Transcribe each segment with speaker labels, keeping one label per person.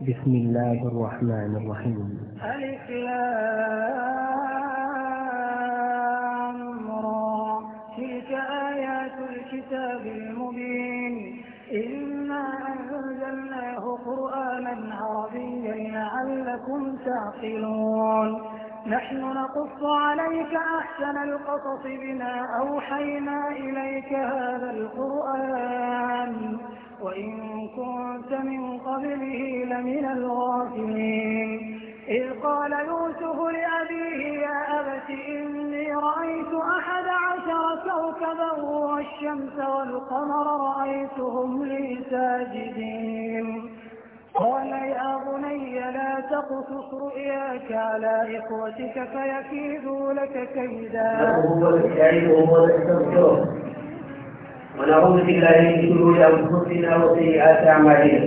Speaker 1: بسم الله الرحمن الرحيم ألف لامرى تلك آيات الكتاب المبين إنا أنزلناه قرآنا عربيا لعلكم تعقلون نحن نقص عليك أحسن القصص بما أوحينا إليك هذا القرآن وإن كنت من قبله لمن الغافلين إذ قال يوسف لأبيه يا أبت إني رأيت أحد عشر كوكبا والشمس والقمر رأيتهم لي ساجدين قال يا بني لا تقصص رؤياك على إخوتك فيكيدوا لك كيدا ونعوذ بالله من شرور انفسنا وسيئات اعمالنا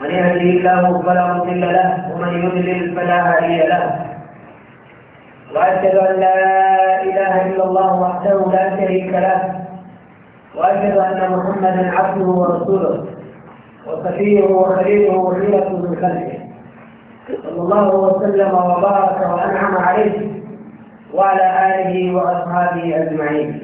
Speaker 1: من يهده الله فلا مضل له ومن يضلل فلا هادي له واشهد ان لا اله الا الله وحده لا شريك له واشهد ان محمدا عبده ورسوله وصفيه وخليله وحيلة من خلقه صلى الله وسلم وبارك وانعم عليه وعلى اله واصحابه اجمعين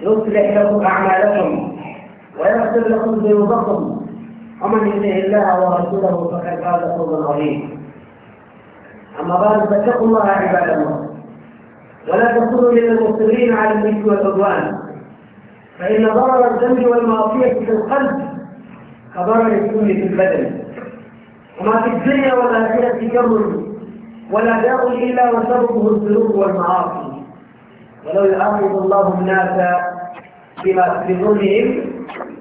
Speaker 1: يصلح لكم أعمالكم ويغفر لكم ذنوبكم ومن يطع الله ورسوله فقد فاز فوزا عظيما أما بعد فاتقوا الله عباد الله ولا تكونوا من المصرين على الإثم والعدوان فإن ضرر الذنب والمعصية في القلب كضرر السم في البدن وما في الدنيا والآخرة كبر ولا داء إلا وسببه الذنوب والمعاصي ولو يؤاخذ الله الناس بما في ظلمهم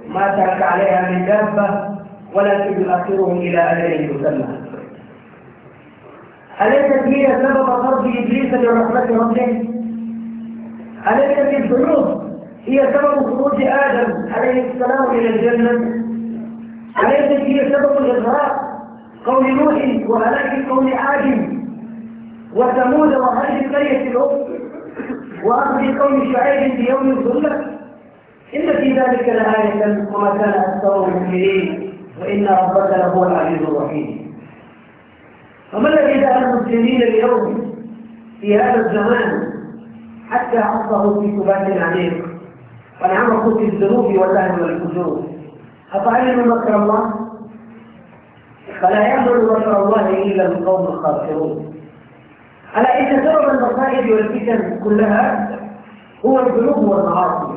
Speaker 1: ما ترك عليها من دابة ولكن يؤخرهم إلى أجل مسمى أليست هي سبب طرد إبليس من رحمة ربه؟ أليست الذنوب هي سبب خروج آدم عليه السلام إلى الجنة؟ أليست هي سبب الإغراق قول نوح وهلاك قوم عاد وثمود وهذه القرية الأخرى وأخذ قوم شعيب في يوم الظلة إن في ذلك لآية وما كان أكثر مؤمنين وإن ربك لهو العزيز الرحيم فما الذي دعا المسلمين اليوم في هذا الزمان حتى عصروا في ثبات عميق وانعمقوا في الذنوب واللهو والفجور أفعلم مكر الله فلا يعمل مكر الله إلا القوم الخاسرون على ان سبب المصائب والفتن كلها هو الذنوب والمعاصي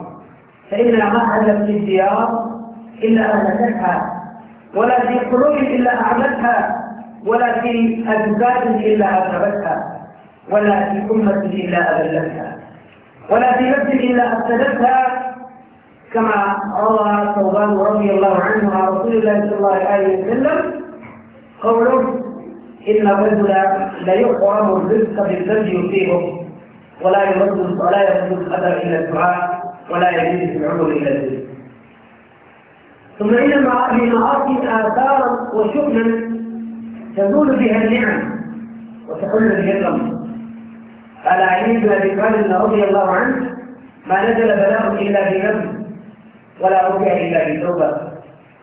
Speaker 1: فان الاعمال لم الديار الا اهلكتها ولا في قلوب الا اعمتها ولا في اجساد الا اذهبتها ولا في امه الا اذلتها ولا في نفس الا افسدتها كما روى ثوبان رضي الله عنه عن رسول الله صلى الله عليه وسلم قوله إن الرجل لا يحرم الرزق بالذنب يصيبه ولا يرد ولا يرد القدر إلى الدعاء ولا في العمر إلى الذنب ثم إن المعاصي آثارا وشؤما تزول بها النعم وتحل بها الأمر قال علي بن أبي طالب رضي الله عنه ما نزل بلاء إلا بذنب ولا رجع إلا بتوبة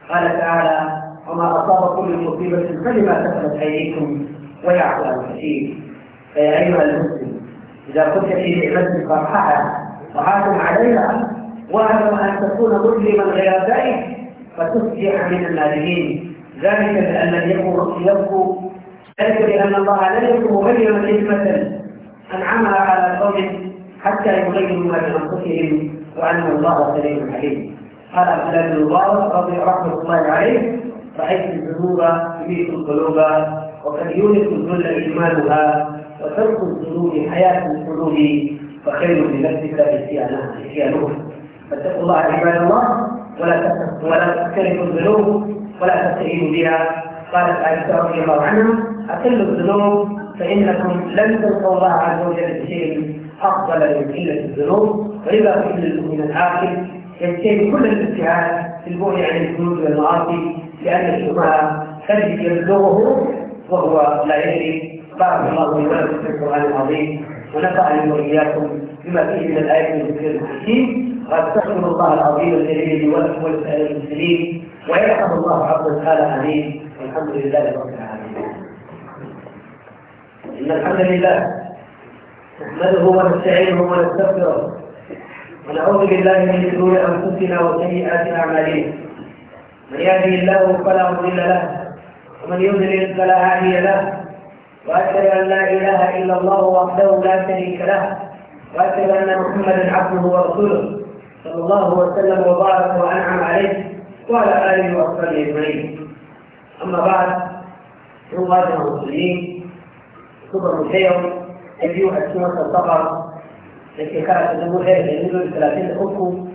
Speaker 1: قال تعالى وما أصاب كل مصيبة فلما كسبت أيديكم ويعفو عن كثير فيا أيها المسلم إذا كنت في نعمة فرحها وحاكم عليها واعلم أن تكون مظلما غير ذلك فتصبح من النادمين ذلك لأن لم يكن يبكو ذلك لأن الله لم يكن مغيرا نعمة أنعمها على قوم حتى يغيروا ما بأنفسهم وأن الله سميع عليم قال عبد الله بن رضي رحمه الله عليه فحيث الذنوب تميت القلوب وقد يونس الذل إيمانها وترك الذنوب حياة القلوب فخير لنفسك إتيانها فاتقوا الله عباد الله ولا ولا تقترفوا الذنوب ولا تستهينوا بها قالت عائشة رضي الله عنها أقل الذنوب فإنكم لن تلقوا الله عز وجل بشيء أفضل من قلة الذنوب وإذا قلتم للمؤمن العاقل يجتهد كل الاجتهاد في البعد عن الذنوب والمعاصي لأن الشبهة تجد يبلغه وهو لا يدري بارك الله لنا في القرآن العظيم ونفعني وإياكم بما فيه من الآية من ذكر الحكيم وأستغفر الله العظيم الجليل لي ولكم ولسائر المسلمين ويرحم الله عبد وجل آمين والحمد لله رب العالمين. إن الحمد لله نحمده ونستعينه ونستغفره ونعوذ بالله من شرور أنفسنا وسيئات أعمالنا من يهده الله فلا مضل له ومن يضلل فلا هادي له واشهد ان لا اله الا الله وحده لا شريك له واشهد ان محمدا عبده ورسوله صلى الله وسلم وبارك وانعم عليه وعلى اله وصحبه اجمعين اما بعد رواد المسلمين كبر الحيض أيها السنة الصغر التي كانت تدور إلى 30 أخو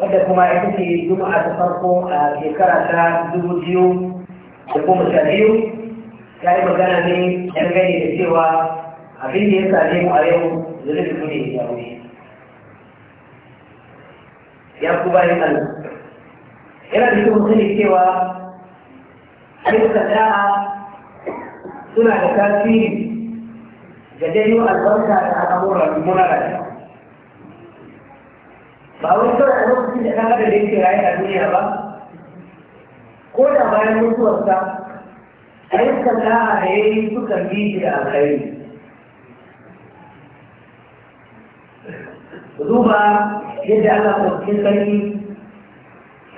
Speaker 1: wadda kuma ita ce juma'a ta farko a shekara ta dubu biyu da goma sha biyu ya yi magana ne dangane da cewa abin da ya same mu a yau zulubi mu ne ya wuce ya ku bayan Allah yana da cikin sani cewa ayyukan da'a suna da tasiri ga janyo albarka da al'amuran muna rayuwa ba wani kawai a lokacin da kan haka da yake raye a duniya ba ko da bayan mutuwarsa ayyukan da'a da ya yi suka bi shi da alkhairi duba yadda Allah kwakwacin sarki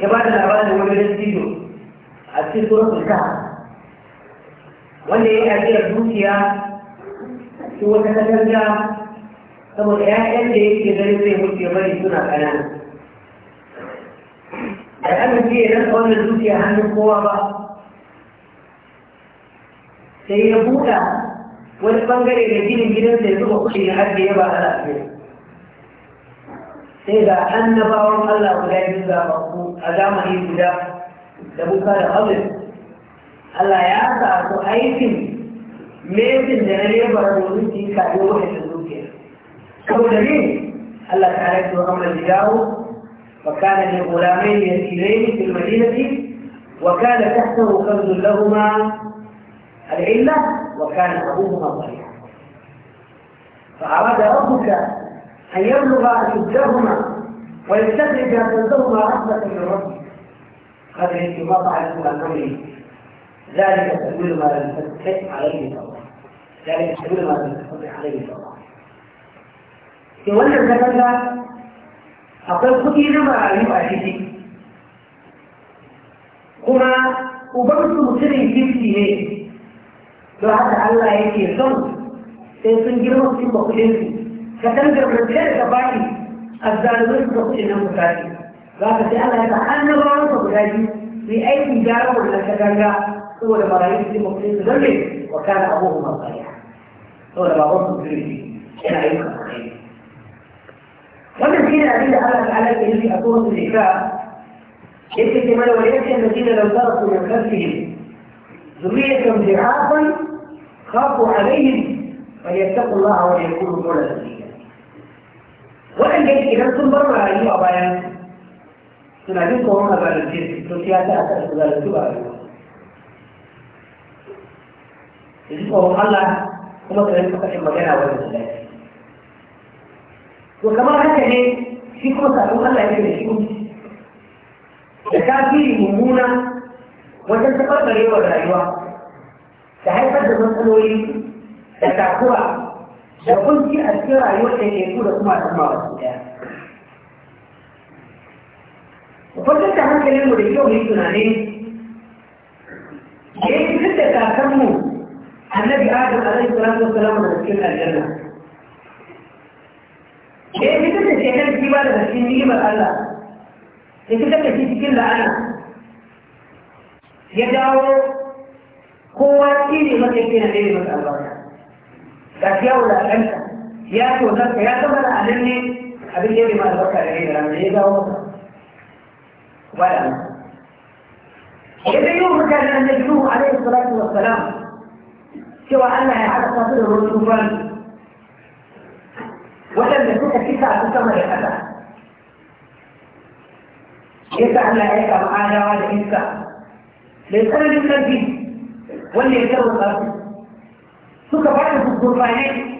Speaker 1: ya ba da labarin wani dattijo a cikin suratul kahf wanda ya yi ajiyar dukiya cikin wata katanga saboda ‘ya'yan da yake ganin zai mutu bari suna ƙanana. Da ana ce ya rasa wannan dukiya hannun kowa ba, sai ya buɗa wani ɓangare da ginin gidan da ya zuba kuɗi ya hajji ya ba a lafiya. Sai ga annabawan Allah guda biyu zaɓaɓɓu a zamani guda da buka da Habib. Allah ya sa su aikin mesin da na lebar domin su yi kaɗo waɗanda saboda ne Allah ta'ala ya zo amma وكان لغلامين يتيمين في المدينة وكان تحته كنز لهما العلة وكان أبوهما ضريعا فأراد ربك أن يبلغ أشدهما ويستخرج كنزهما رحمة من ربك قد ما لكم عن أمره ذلك سبيل ما لم تستطع عليه صبرا ذلك سبيل ما لم تستطع عليه صبرا to wannan katanga akwai kuɗi na marayu a ciki kuma ubansu mutumin kirki ne don haka Allah yake son sai sun girma su ba kuɗinsu katangar rantiyar da baki a zalumin da kuɗin nan mutane za ka sai Allah ya ta annabawan ka guda biyu su yi aikin gyara wannan katanga saboda marayu su ba kuɗinsu don ne wa kana abubuwan ba ya saboda babansu mutumin yana ayyukan kai ومن والذين الذين حرم عليك اني اكون في الاكرام ابن الجمال وليكن الذين لو تركوا من خلفهم ذرية ضعافا خافوا عليهم فليتقوا الله وليكونوا مولى وأن جئت إلى سن برا أيها الأبايا سن عليك وهم أبا الجيش سوسيات أكثر سن عليك وهم أبا الجيش الله كما تريد فقط مكانا وهم أبا وكمان هكا ايه في فرصة أقول الله يجب يكون ده كان فيه ممونة وتتقبل ايه ولا ايوه ده هيفضل مسأله ايه ده تعكرة لو كنت في أسكرة ايوه اللي يكون اسمع اسمع واسمع وفضلت عن كلام وليكم يكون عليه ليه جدا تعتموا النبي آدم عليه الصلاة والسلام من الجنة eh ita ce ce kan kima daga cikin ni'imar Allah ya fita da shi cikin la'ana ya dawo kowa shi ne masa yake na ɗaya masa albarka ga shi yawo da ƙanta ya ce wata ya zama da anan ne abin da ya ma albarka da ya rana ya dawo masa ba da ya zai yi wa mutane na nabi Nuhu alaihi salatu wassalam cewa Allah ya haɗa su da ruwan tufani ولم يكن كفاة ثمر هذا يسعى لك على الإنسان لكل الذي وليتر الأرض سوك بعده الضربانين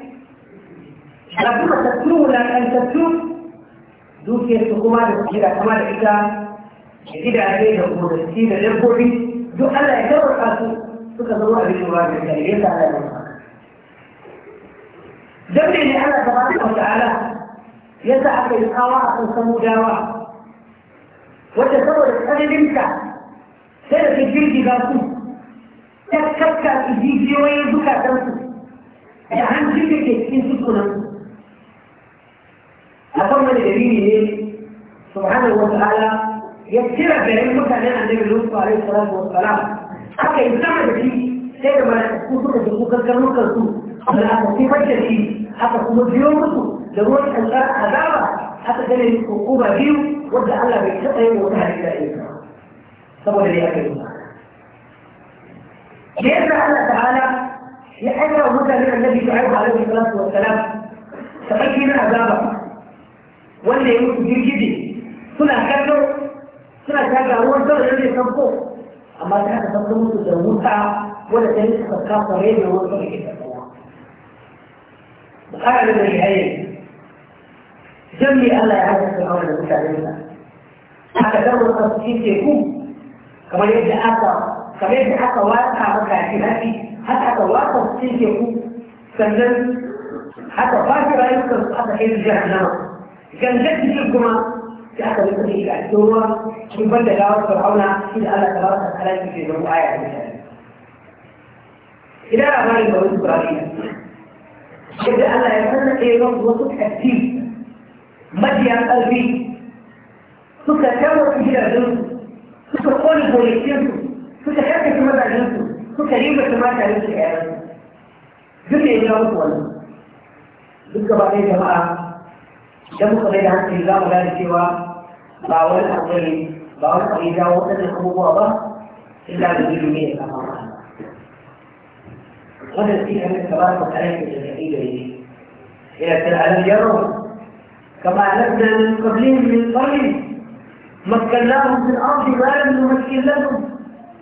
Speaker 1: ربما تسلول أن تسلول دوكي السكومة لتجير أكمال إسلام يجد عليه المدرسين للبوحي دو ألا يتر الأرض سوك ضرورة بالنواب الكريم يسعى لك دليل على تبارك وتعالى يدعى بالقراءة والسمودارة وتصور الأرض منك سلف الجلد باكو تكتك الجيد ويدك تنسو يعني جلدك انسو تنسو أقوم بدليل إيه سبحانه وتعالى يكتب بعلمك عن النبي صلى الله عليه وسلم حتى يستعمل فيه سيد ما يكون في المكان كرمك الصوت فلا في فكر فيه حتى كل بيوم da ruwan kankar azaba aka gane ni hukuma biyu wadda Allah bai taɓa yin wata hadisa ita saboda ne aka yi da yadda Allah ta'ala ya aika wa mutane annabi shu'aibu alaihi salatu wa salam tabaki na azaba wanda ya mutu girgije suna kallo suna taga ruwan sama da zai sanko amma ta haka sanko musu da wuta wadda ta yi suka kafa rai da ruwan sama ke قاعدة العين جملي أنا هذا فرعون المتعلمة حتى لو التصفيق يكون كما يبدأ حتى كما يبدأ حتى واقع مكة اعتمادي حتى حتى واقع التصفيق يكون سنن حتى فاكرة يمكن حتى حين جاء النار كان جد في الجمعة في حتى يمكن يجعل هو بلد الله فرعون إذا أنا ثلاثة ألاف في الرؤية إلى أمان البنود الإسرائيلية yadda Allah ya sarrafe masu wasu ƙarfi majiyan ƙarfi suka kama su gidajensu suka kone gonakinsu suka karkace mazajensu suka riba su mata yin su yaran duk da ya musu wannan duk gaba ɗaya jama'a idan muka mai da hankali za mu gane cewa ba wani abu ne ba wani abu ya jawo waɗannan abubuwa ba illa da ilimi ne a kama wannan shi ne ka ba su ƙarfi da إليه إلى العالم يرون كما أعلمنا من قبلهم من قبل مكناهم في الأرض ما لم نمكن لهم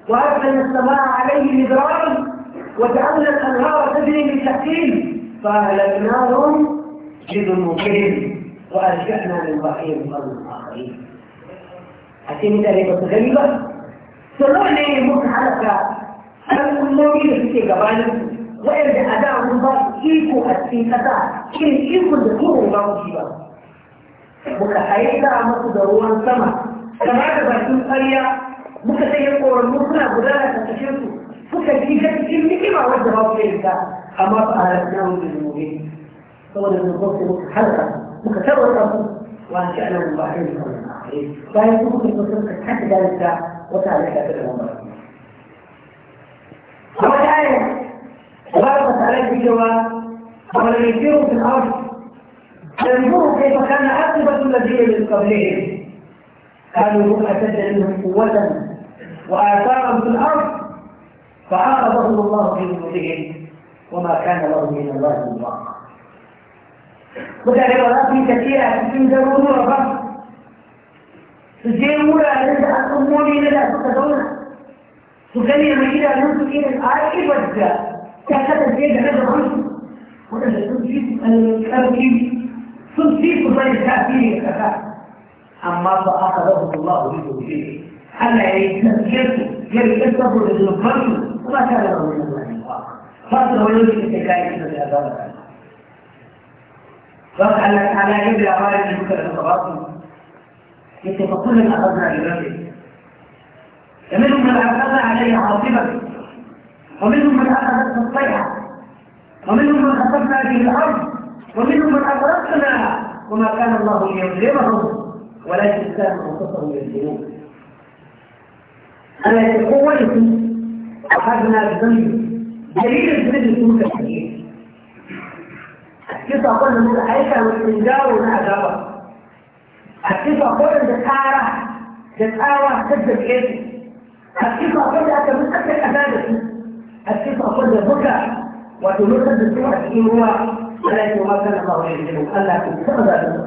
Speaker 1: وأرسلنا السماء عليه إدرارا وجعلنا الأنهار تجري من تحتهم فأهلكناهم بذنوبهم وأرجعنا للرحيم قوم آخرين أتيني تاريخ غريبة سنعني متحركة أنا كل يوم يجي وإرجع أداء الله إيكو أسين أداء إن إيكو الدكتور الله جيبا وكحيدا عمد دروان سما كما تبعتون قرية مكتير قول المصنع بدالة تشيرتو فكتير كتير كما وجهه في الله أما فأهلتناه بالمبين فوجد المصنع حلقة مكتبة وأنشأنا من بعدين قولا فهي ممكن تصدق حتى ذلك وتعلق بالعمر. هو الآية وبعد عليه بجوة ولم يسيروا في الأرض تنظروا كيف كان عاقبة الذين من قبلهم كانوا هم أشد منهم قوة وآثارا في الأرض فعاقبهم الله في وجودهم وما كان لهم من الله من واقع وكان رواتب كثيرة في الجنة ورفض سجين مولا عند أقوم مولي لدى فتدونه سجين مجيدة ننسك إلى الآخر والجاء كانت زيادة هذا الرجل ولا تنسيب الكافي تنسيب من الكافي كفاء أما فأخذه الله به به ألا يتنسيبه يتنسيبه للمقرن وما كان له من الله الواقع فأصله يجب التكاية من الأبابة فقال لك على يد أعمال المكر التواصل يتفقون الأخذنا لرجل منهم من أخذنا عليه عاصمة ومنهم من أخذتنا الصيحة ومنهم من خسفنا به الأرض ومنهم من أغرقنا وما كان الله ليظلمهم ولكن كان أنفسهم يظلمون أنا قوتي أخذنا الذنب دليل الذنب يكون كثير الكيسة قلنا من الحياة والإنجاء والأجابة الكيسة قلنا بتعرى تتعرى تبدأ كيسة الكيسة قلنا أنت من أكثر أسادة الكسر كل البكاء وتمثل بسرعة الإيواء ولكن ما كان الله يعلم ألا تستخدم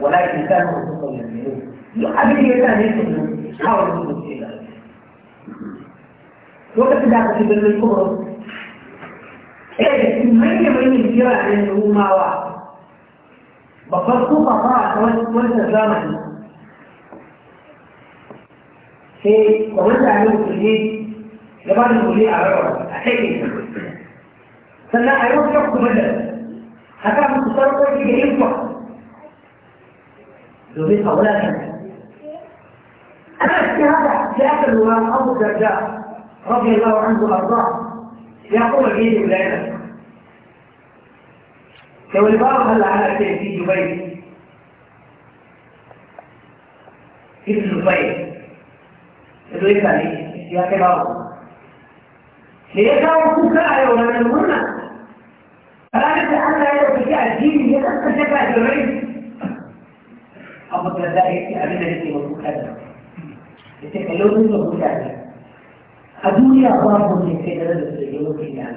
Speaker 1: ولكن كانوا خصوصا يعلمون يحبني كان يسلم حول المسلمين وقت ذاك في بلد الكبرى ايه من يمين الجرى عنه ما واحد بفرقوا قطاع وانت زمن شيء وانت عملت الجيد gabanin wuri a rawa a kai sannan a yi wasu yan kumallar a kan musu sarkoki da yin kwa domin a أنا في هذا جاء الإمام أبو الدرداء رضي الله عنه وأرضاه يقول لي ولاده لو الباب هلا على في دبي في دبي يقول لي يا كبار ليدعوا كوكا على ولا منهن فقالت حتى لو في الدين هي نفس شبه الرئيس أبو الدرداء يأتي أمين التي مطلوب هذا يتكلمون من مطلوب هذا أدوني أخبارهم من سيدنا الرسول في الجامعة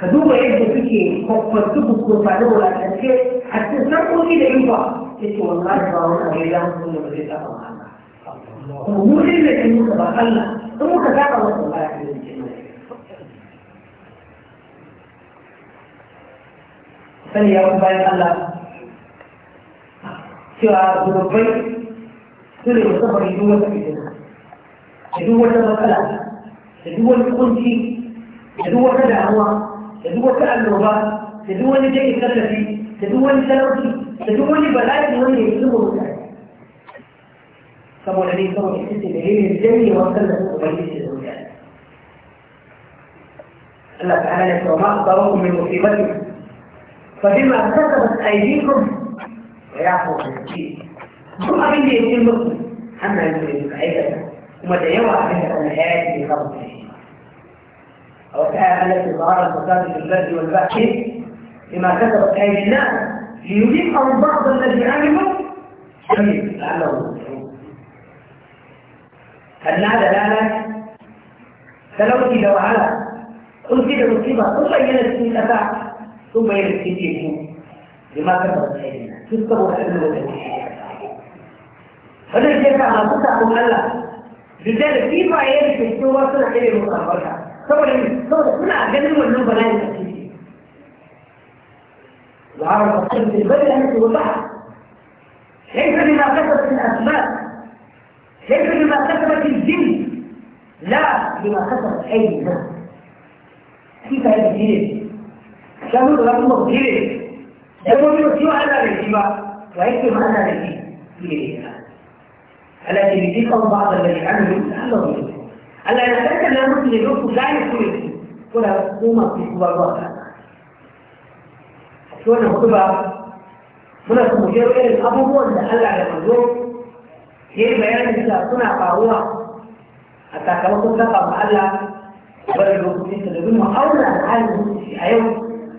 Speaker 1: كذوب يبدو فيك فكرتك كنت ولا تنسي حتى تسمعوا كده ينفع قلت والله ما هو غير لهم كل ما ومولي لك المتبقلة ثم تتاقى وصل الله يحبه sani ya bayan Allah cewa zurubai su ne musamman duk wata fitina da duk wata matsala da duk wani kunci da duk wata damuwa da duk wata annoba da duk wani jai tallafi da duk wani talauci da duk wani bala'i wanda ya zuba mutane ثم الذي ثم يكتب إليه الجميع وسلم أبيه الله تعالى وما أقدركم من مصيبتكم فبما كسبت أيديكم ويعفو عن الدين ثم عندي يكون مسلم أما يكون مسعيدا وما تيوى عليها أن هذه الغرب أو تعالى التي ظهر الفساد في البلد والبحث لما كسبت أيدي ليذيقهم بعض الذي عملوا شيء لعله هل نعلى ذلك فلو جل وعلا انزل مصيبه ثم يلت من افاعك ثم يلت في جيبه لما كبرت حيلنا تذكروا الحلول التي
Speaker 2: فلا يجب ان تتقوا الا
Speaker 1: بذلك في معايير في الجوا صنع الى مصابرها ثم يقول صنع جنب المنوبه لا يلت وعرف الطفل في البلد انك وضعت كيف لما كسرت الاسماء ليس لما كسبت الجن لا لما كسبت اي نفس كيف هذا الجن يقول لهم مغفره يقول يسيء على الاتباع ويكتب على الاتباع الا يريدك بعض الذي عملوا لعلهم يؤمنون الا يتذكر لا مسلم يوسف لا يكون ولا قوم في سوى الله شو انا خطبه هنا في مجرد الابو هو ان على المنظور sai bayanin cewa suna faruwa a sakamakon saba ma Allah bari lokacin da domin mu auna da halin mutunci a yau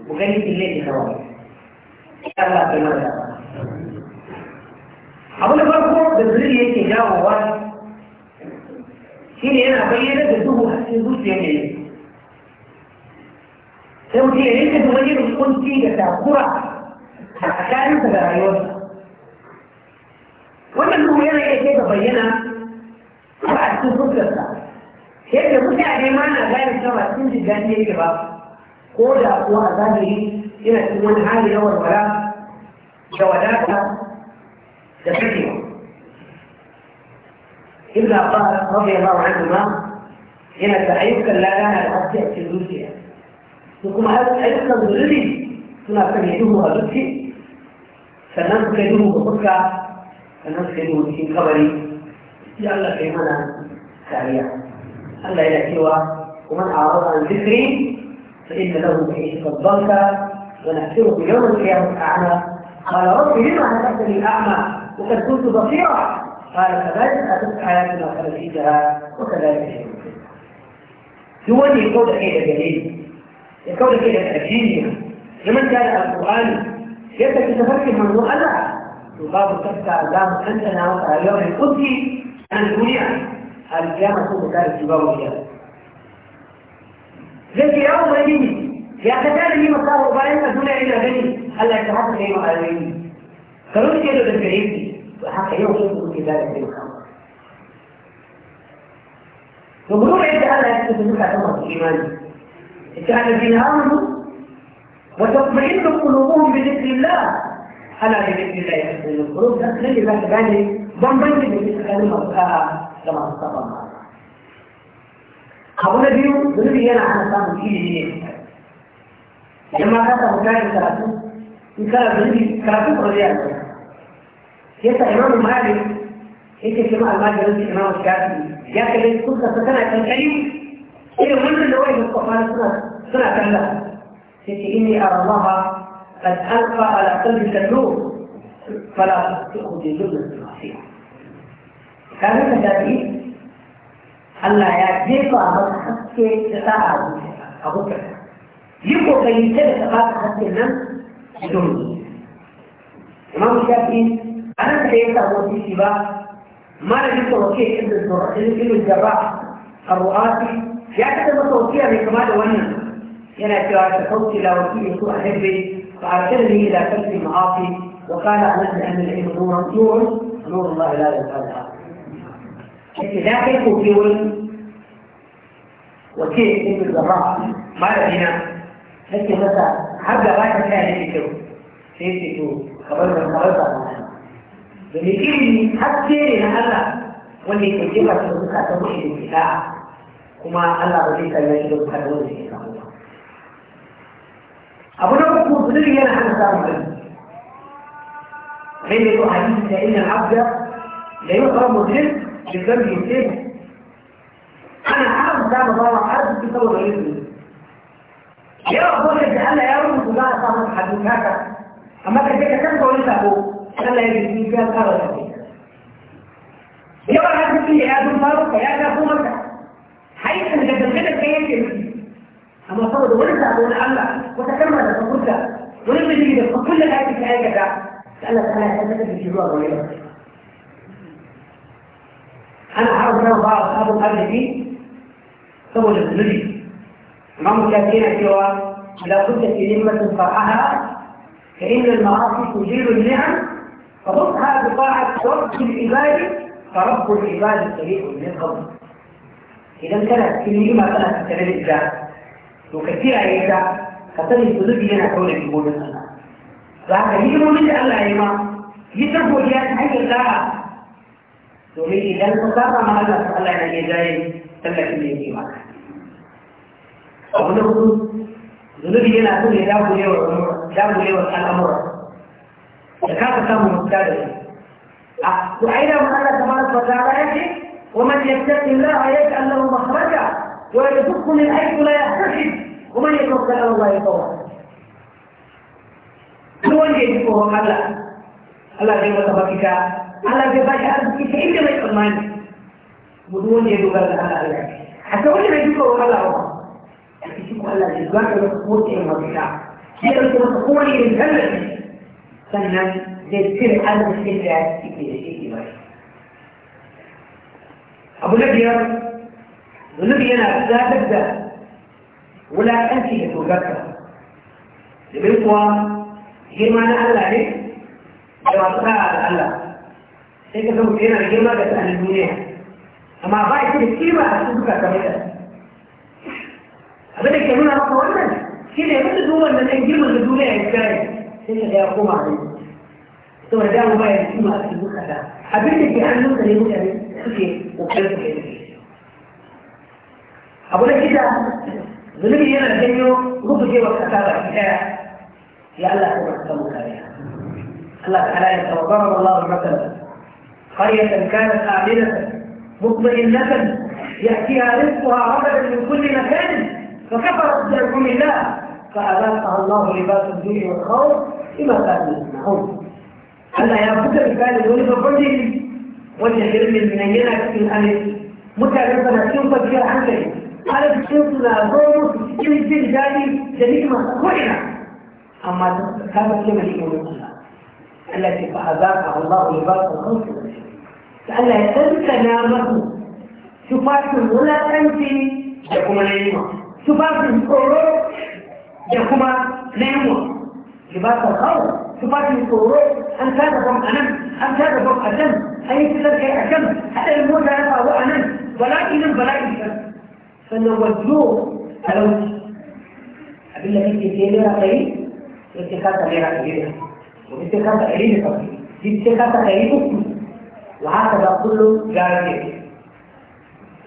Speaker 1: mu gani ille da kawai Allah kai mata abu na farko da zuri yake jawowa shi ne yana bayyana da duhu a cikin zuciyar ne sai mutum ya rinka duba irin kunci da takura a tsakaninsa da rayuwarsa wannan kuma yana iya kai ga bayyana ba a cikin fuskarsa yadda mutane ma na gane cewa sun ji gani yake ba ko da kuwa a zahiri yana cikin wani hali na warwara da wadata da kakewa illa ba rabi Allah wa ma yana da ayyukan lalana da haske a cikin zuciya su kuma ayyukan zurri suna kan duhu a zuci sannan su kai duhu ga fuska المسلمون في قبري لعل في منى ساريا الا الى سوى ومن اعرض عن ذكري فان له معيشه الضنكة ونحشره في يوم القيامه اعمى قال رب لما هتكتني الاعمى وقد كنت بصيرا قال كذلك اتت حياتي ما خرجتها وكذلك هي هو اللي يقول لك ايه دليل يقول لك ايه تاجيل لمن كان القران يبدا يتفكر ممنوع مؤلفه وباب الشركة اللام عندنا وقع اليوم القدسي عن الجميع القيامة تكون ذلك في باب القيامة لكن يوم يجي يتكلم لما صار وبعدين الدنيا إلى غني هلا يتحدث لي على الغني فلوش كده بالبعيد وحتى يوم يكون في ذلك في الخمر ومرور عند هذا يكتب لك ثمرة الإيمان كان الذين آمنوا وتطمئن قلوبهم بذكر الله ana da yake da yake da group da nake za ka gane bambanci da yake tsakanin masu ka'a da masu saban ba abu na biyu zunubi yana ana samun ilimi ne idan ma ka samu kayan karatu in kana zunubi karatu ko zai yarda yasa imam malik yake cewa almajirin imam shafi ya kalle kuka sa kana kankani irin wannan da wani kwafa suna suna kalla sai ce inni arallaha قد ألقى على قلبك النور فلا تأخذ جملة راسية كان الذي ألا يجب حتى تتعب أبو كذا يبقى في ثلاث أبعاد حتى نم بدون إمام الشافعي أنا سيدة هو في سباة ما لم يكن وكيه إبن الزرع إبن الجراح الرؤاسي يعتقد أن توكيه من كمال وهنا ينأتي على صوتي لا وكيه يكون أهل فأرسلني الى كف المعاصي وقال انس أن العلم نور نور نور الله لا يزال لا تكن في ولد وكيف ابن الزراعه ما لدينا هيك مثلا حتى رايح كان يكتب في تو خبر من خبر بيجيني حتى ان الله wanda yake في su suka ta mushi da kuma Allah هذا الوزن أبو نبو كوزري أنا عن سامر حين يقول حديث إن العبد لا يقرب مجرم بالذنب ينتهي أنا عارف ده مضاوع عارف في طلب علمي يا أبو نبو قال يا رب كلها صاحب الحديث هكذا أما كان كده كان أبو قال لي دي فيها كارثة يا رب هذه يا هذا المرض يا أبو مرض حيث أنا جبت لك كيف أما صوت ولسه أقول الله وتكمل فكلها ولم يجد فكل هذه الآية كذا قال لك أنا أتمنى بالجوار ولا أنا أعرف أن بعض أصحاب الأرض دي سووا للزلي إمام الشافعي سوى لا بد في ذمة فرحها فإن المعاصي تجيب النعم فربها بطاعة رب العباد فرب العباد سريع من القبر إذا كانت كلمة النعمة ثلاث كلام الإبداع وكثير عيسى ka sani zunubi yana kawo da gibobin Allah za ka yi hidimomin da Allah ya yi ma yi ta godiya ta hanyar da'a domin idan ka saba ma Allah ta Allah yana iya jaye tallafin da yake maka abu na hudu zunubi yana so ne dagulewar al'amura da kasa samun mutta da shi a ku aida mu Allah ta mara fata ya ce ومن يتق الله يجعل له مخرجا ويرزقه من حيث لا يحتسب ومن يتوكل على الله يتوكل لون جاي يقول هم الله الله جاي يقول لك الله جاي باجي على بكيك إيه جاي يقول ما يجي ودون جاي يقول الله على الله حتى هو جاي يقول هم الله هو يقول الله جاي يقول لك موت يا بكيك هي اللي تقول لك هو اللي يتكلم سنة جاي يصير على بكيك جاي يقول لك أبو لبيا ولبيا أنا أبدأ أبدأ wulaƙanci da dogarka domin kuwa girma na Allah ne da masu sa'a da Allah sai ka zama yana da girma da tsanin duniya amma ba shi da kima a cikin duka kamar da abin da ke nuna maka wannan shi ne mutu duban da nan girman da duniya ya kare sai ka ga ya koma ne saboda dama ba ya da kima a cikin duka da abin da ke hannunka ne mutane suke ƙoƙarin su ne abu da kida zunubi yana janyo rubujewar kasa baki daya ya Allah ta wata samu kariya Allah ta'ala ya tawabara قرية كانت آمنة مطمئنة يأتيها رزقها رغدا من كل مكان فكفرت بحكم الله فأذاقها الله لباس الدنيا والخوف بما كانوا يصنعون ألا يأخذ بكان الولد الرجل وجه من أينك في الأمر متعرفة تنفج فيها عنك على بشرط ما هو كل شيء جاري جديد ما كلنا أما هذا كلمة يقول الله التي فأذاقها الله لباس الخوف
Speaker 2: لأن تنسنا له
Speaker 1: شفاف ولا تنسي يقوم نعيمة شفاف الصورو يقوم نعيمة لباس الخوف شفاف الصورو أن تذهب أنام أن تذهب أدم أي تلك أدم هذا الموت يفعل أنام ولكن بلائي فانه على حلوتي أقول لك أنت كبيرة قليل غير كبيرة وأنت خاطة قليل دي أنت خاطة وهكذا كله جاري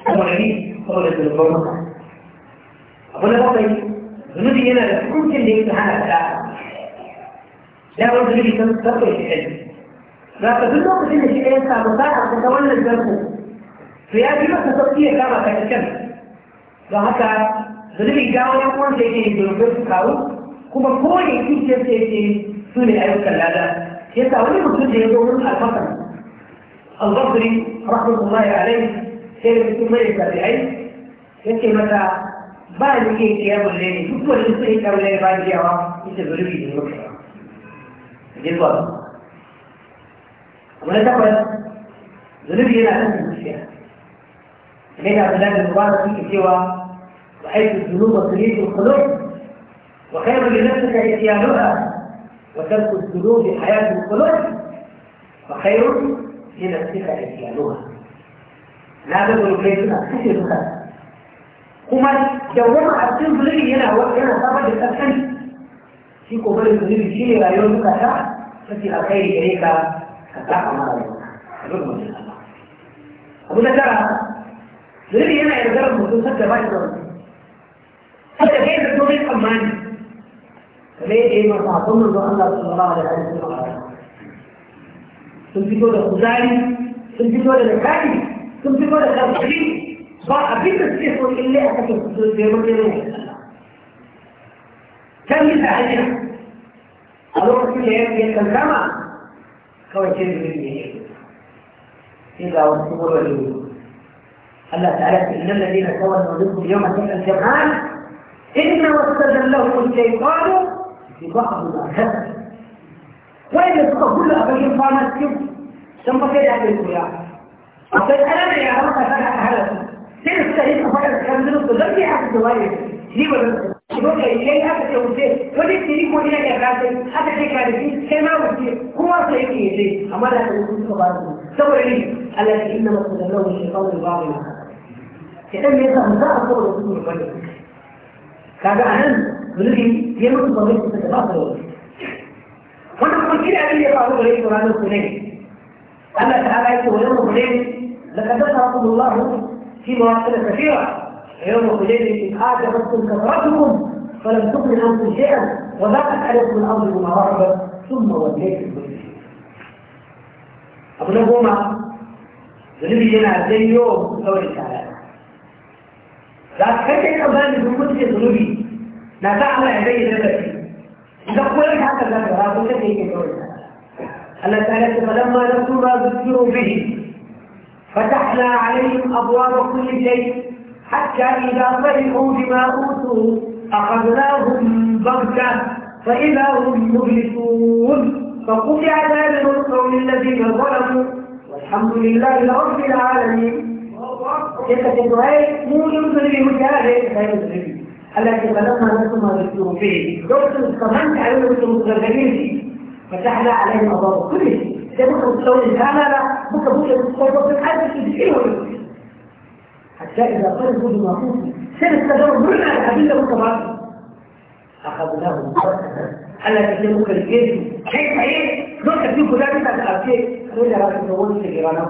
Speaker 1: كده هو العليم هو أقول لك طيب هنا لا تكون كل سبحانه وتعالى لا أقول ذنوبي كم تقوي في لا تقول لك إن الشيء ينفع مصارعة تتولى الذنوب فيأتي لك تستطيع كما تتكلم وحتى غريب جاوان كون تيجي دوبر كاو كم كون يجي كيف تيجي سوني أيوة كلا لا هي تقول لي مسجد يدور الفطر الغفري رحمة الله عليه هي اللي تسمى يكلي عين هي متى بعد كي كي أبو لين شو كل شيء كي أبو لين بعد كي أبو إيش غريب يجي دوبر كاو جدول ولا تقبل غريب يجي لا تسمع من بلاد المباركه في سوى وحيث الذنوب تريد الخلق وخير لنفسك اتيانها وترك الذنوب حياه الخلق وخير لنفسك اتيانها لا تقول كيف نفسك كما يوم عبدين بلغي ينا وانا صابت الأبحان في قبل المدير شيء لا يوجد كشاء فتي الخير إليك كتاق مالا يوم أبو zuri yana yardar mutum sadda ba shi da wani sadda kai da domin tsammani kare da yi masa abin manzo Allah sallallahu alaihi wa sallam sun fito da kuzari sun fito da zakati sun fito da karfi ba abin da suke so ille a kake su zai mutum ne kan yi ta hanya a lokacin da ya kankama kawai ce da zuri ne sai ga wasu kuma da الله تعالى إن الذين تولوا منكم يوم تلك الجمعان إنما استزلهم الشيطان ببعض ما كسب وإن كل أبين فانا كسب ثم كده أبين يا أخي أنا يا رب أنا أهلا سير السرير فقط كان منه تلقي حتى تغير دي ولا يقول لي ليه هذا التوزيع وليه تريد مدينة يا براتي هذا شيء كان فيه كما هو فيه هو سيكي يجي أما لا تقول سوى لي الذي إنما استدلوه الشيطان ببعض ما أ idan me yasa za a kowa da su ne bane kaga anan zunubi ya mutu ba mutu da ba su wannan kuma shi da abin da ya faru gare su ranar sunai Allah ta'ala yake wa yawma hunayn laqad nasarakum Allah fi mawaqi'in kathira يوم حنين إذ أعجبتكم كثرتكم فلم تغن عنكم شيئا وذاقت عليكم الأرض بما رحبت ثم وليتم مدبرين. أبو نبوما ذنبي جنا زي يوم قول تعالى da aka kai yin amfani da hukunci zunubi na sa Allah ya bayyana da shi idan ko yin haka za ka ba ko kake yake kawai Allah ta ce falamma nasu ma zukiru bihi فتحنا عليهم أبواب كل شيء حتى إذا فرحوا بما أوتوا أخذناهم بغتة فإذا هم مبلسون فقطع دابر القوم الذين ظلموا والحمد لله رب العالمين كيف تدعي مو يمكن يمكن غير المسلمين التي بلغنا تعالوا المتدربين دي فتحنا عليهم ابواب كل شيء ده ممكن تسوي الكاميرا ممكن ممكن تسوي في حد تدخله حتى اذا قال كل ما فوت سير التجارب كل الادله متبعه اخذناهم التي ممكن يجي هيك هيك دكتور فيكم ده بتاع الافكار دول يا راجل دول في جيرانهم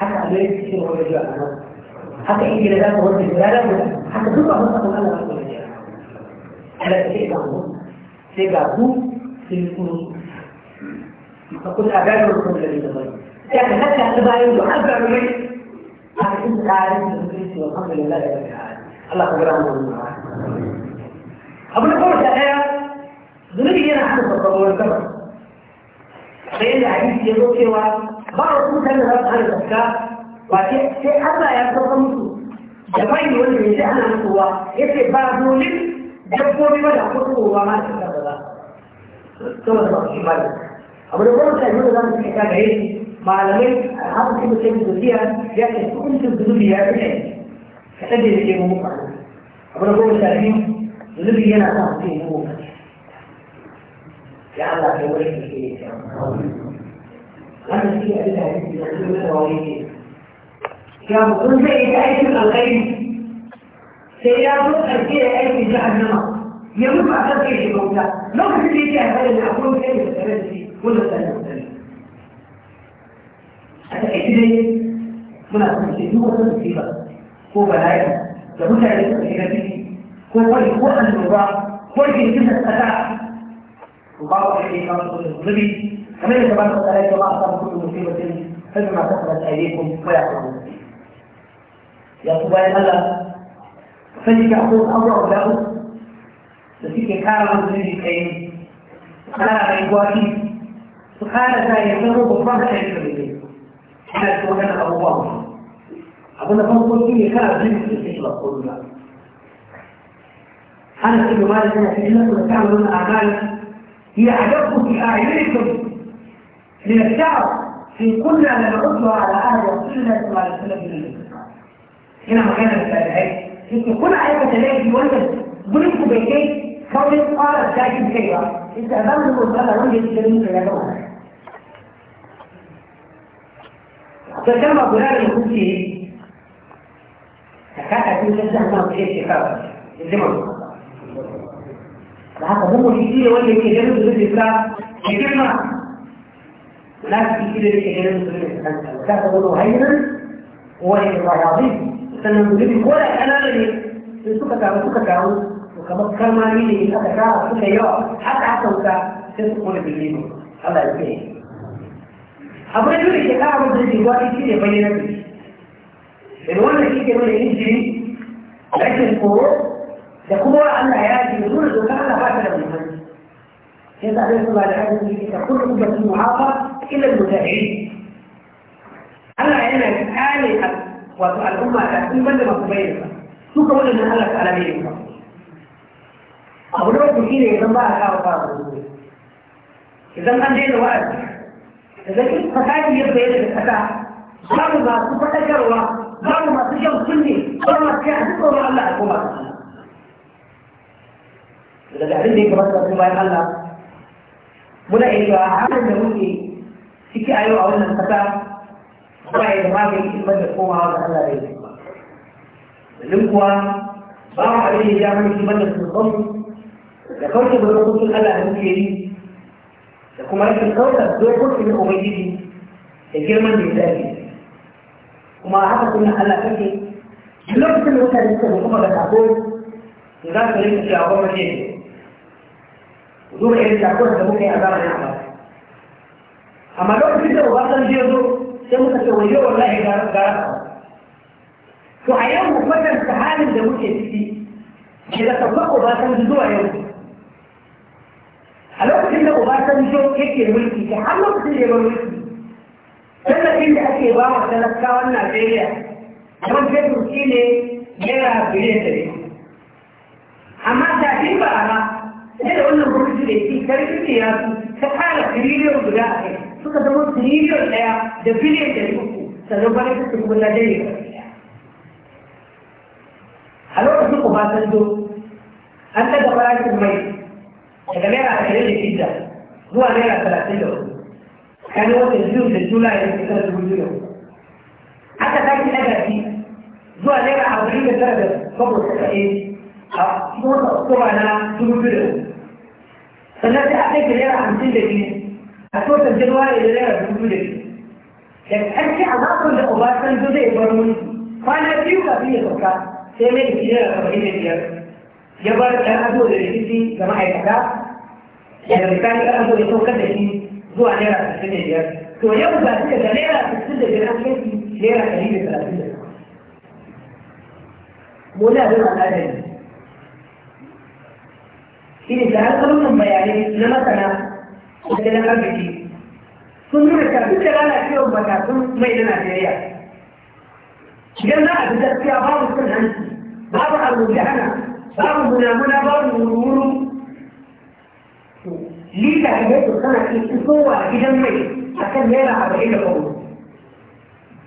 Speaker 1: حتى أمريكا تشتري الرجال حتى إنجلترا تغطي الرجال حتى تطلع مصر أنا أقول الرجال على شيء معروف شيء معروف في الفلوس فكل أبعد الذي تغير يعني حتى أنا بعيد وأرجع إليه أنا كنت عارف والحمد لله رب العالمين الله أكبرنا ونعم أبو نقول الآية ذنبي هنا حدث الضرورة الكبر فإن الحديث يقول ba wasu mutane da za su hana zakka ba sai Allah ya sauka musu da bai wanda bai sai ana musu wa ya ce ba dole dabbobi ba da kuma kowa ma da suka da za su da ba shi ba da abu da kuma sai mun zama cikin kaga yi malamai a haka kuma sai da biya ya ce kun su zubi ya fi ne ka tabe da ke mu muka abu da kuma sai mun zubi yana sa mutum ya mu ya Allah ya wurin da ke yi أما في أدلة هذه تقول ماذا وليه يا مظلم زي تأتي من الغيب سيارة أركية أي في جهنم يموت أكثر في الموتى لو كنت تيجي أهل أن أقول كيف الثلاثة دي ولا الثلاثة الثانية أتأكد مناسبة هو تصيبة هو بلايا لابد أن يكون في هو هو النظام هو الجنسية الأداء وبعض الحقيقة من الظلم كما كما قد عليك الله اصاب كل مصيبه فبما كسبت ايديكم ويعلمون يقول باين الله فلك يعقوب الله له فيك كارم الذي كاين انا عيواتي سبحانك يمر بفرح الكريم حتى كان ابو بكر أقول لك أقول لك كان جنس الحجرة أقول لك أنا في مالك أنا في جنس تعملون أعمال هي أعجبكم في أعينكم الشعب في كل ما نعده على أهل رسول الله صلى الله عليه وسلم هنا مكان الفاتحين انت كل عيبة تلاقي في ولد بنت بيتين فضل قال الزاكي بكيرا انت أمامه وقال رجل السلمين في يدوها فكما قلنا الكوفي تكاتا في جزء ما بشيء شفاء زي ما قلت لحظة هم كتير ولا كتير يجب الإسلام يجب ناس كتير يتكلموا في الاسلام كتبوا هينا والرياضي سننظرين ولا انا suka taru suka taru to kamar karmami ne in aka tara suka yawa haka haka wuta sai su kone bille ne Allah ya ce abu da dole ke kara mutum da ruwa shi ne bayyana su da wannan shi ke nuna injiri rashin tsoro da kuma Allah ya ji nuna doka Allah ba ta da muhimmanci لأن أهل السنة والجماعة كل أمة محافظة إلا المتابعين. أنا أنا آلي والأمة الأمة لما تبين لك. شو أن أنا على مين يبقى؟ أقول لك كثير إذا ما أخاف أخاف أخاف إذا ما عندي الوقت إذا كنت فتاتي يبقى يدرس أتاه ضرب ما تفتح جروة ضرب ما تجر سني ضرب ما تجر سني ضرب ما تجر سني ضرب ما تجر سني ضرب ما تجر سني ضرب ما تجر muna iya cewa halin da muke ciki a yau a wannan kasa ba ya zama ga yi da komawa da Allah ya yi domin kuwa ba mu abin da ya mana kiman da sulhun da kauce da dokokin Allah da muke yi da kuma rashin kautar dokokin na Ubangiji da girman da ya dace kuma haka kuma Allah kake lokacin da mutane suka kuma ga sako za su rinka cewa gwamnati ne zuwa irin jakunan da muka yi a zamanin a amma lokacin da wasan je zo sai muka ce wajen wallahi gara gara to a yau mu kwatanta halin da muke ciki daga sabon obasanjo zuwa yau a lokacin da obasanjo yake mulki da har lokacin da ya bar mulki tallafin da ake ba wa talakawan najeriya don fetur shi ne naira biliyan ɗari amma tafi ba a ma sai da wannan gwamnati da ke karfi ne ya su ta kara tiriliyon guda a kai suka zama tiriliyon ɗaya da biliyan da uku sannan bane ta su kuma najeriya a lokacin kuma san zo an daga farashin mai daga naira ashirin da shida zuwa naira talatin da uku kanin watan biyu da julai da shekarar dubu biyu da uku aka sake daga shi zuwa naira arba'in da tara da bakwai da ɗaya موضع الصبع انا دول بلو فالناس اعطيك ليرة خمسين دقيقة الصوت الجنوائي ليرة دول بلو لكن اكشي عضاكم لأوباتن دول يبرمون فانا بيوكا فيه توكا سيمي كليرة خمسين دقيقة يبر كان أدو shine da alƙalumin bayanai na masana da na arziki sun nuna ta duk da lalacewar matakun mai na Najeriya. Idan za a fi gaskiya babu cin hanci, babu almujahana, babu munamuna, babu wuru-wuru. Lita da yake tana ke fitowa gidan mai a kan naira arba'in da kwaro.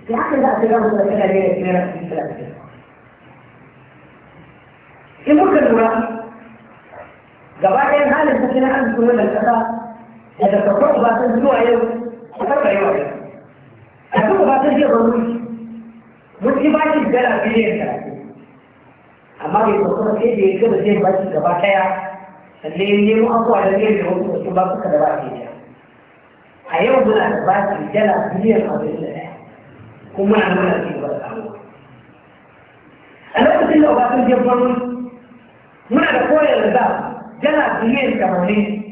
Speaker 1: Da haka za a fi gamu da naira naira naira naira. In muka lura gaba ɗayan halin da kina arzikin wannan ƙasa daga farkon ubatan zuwa yau a farka yau a duk ubatan zai ba mulki mulki ba shi dala biliyan talatin amma bai kuma sai da ya gaba zai ba shi gaba ɗaya sannan ya nemo abubuwa da zai da wasu wasu ba suka da ba ke da a yau muna da ba shi dala biliyan arba'in da ɗaya kuma muna nuna ci gaba da samuwa a lokacin da ubatan zai ba mulki muna da koyar da جلب 180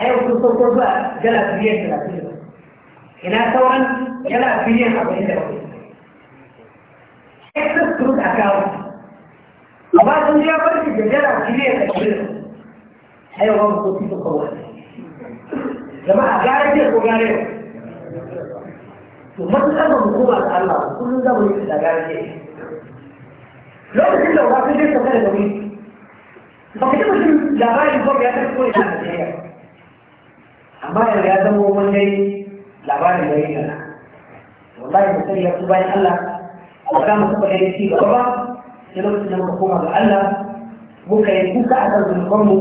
Speaker 1: ايوه في الصوت بقى جلب 130 هنا طبعا جلب 140 اكسس كروت اكاونت وبعد دي بقى في جلب 130 ايوه هو الصوت في جماعه جاري دي جاري to matukar ba mu koma ga Allah kullum za mu yi da gare lokacin da wata ne ta kare Bagaimana tu jaga info biasa pun ada dia. Amal yang biasa mungkin dari lawan dari mana. Wallahi betul ya Tuhan Allah. Maka masuk pada isi bahwa kalau kita berhubung dengan Allah, bukan buka atas zulmamu,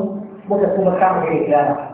Speaker 1: bukan buka kamu dari jarak.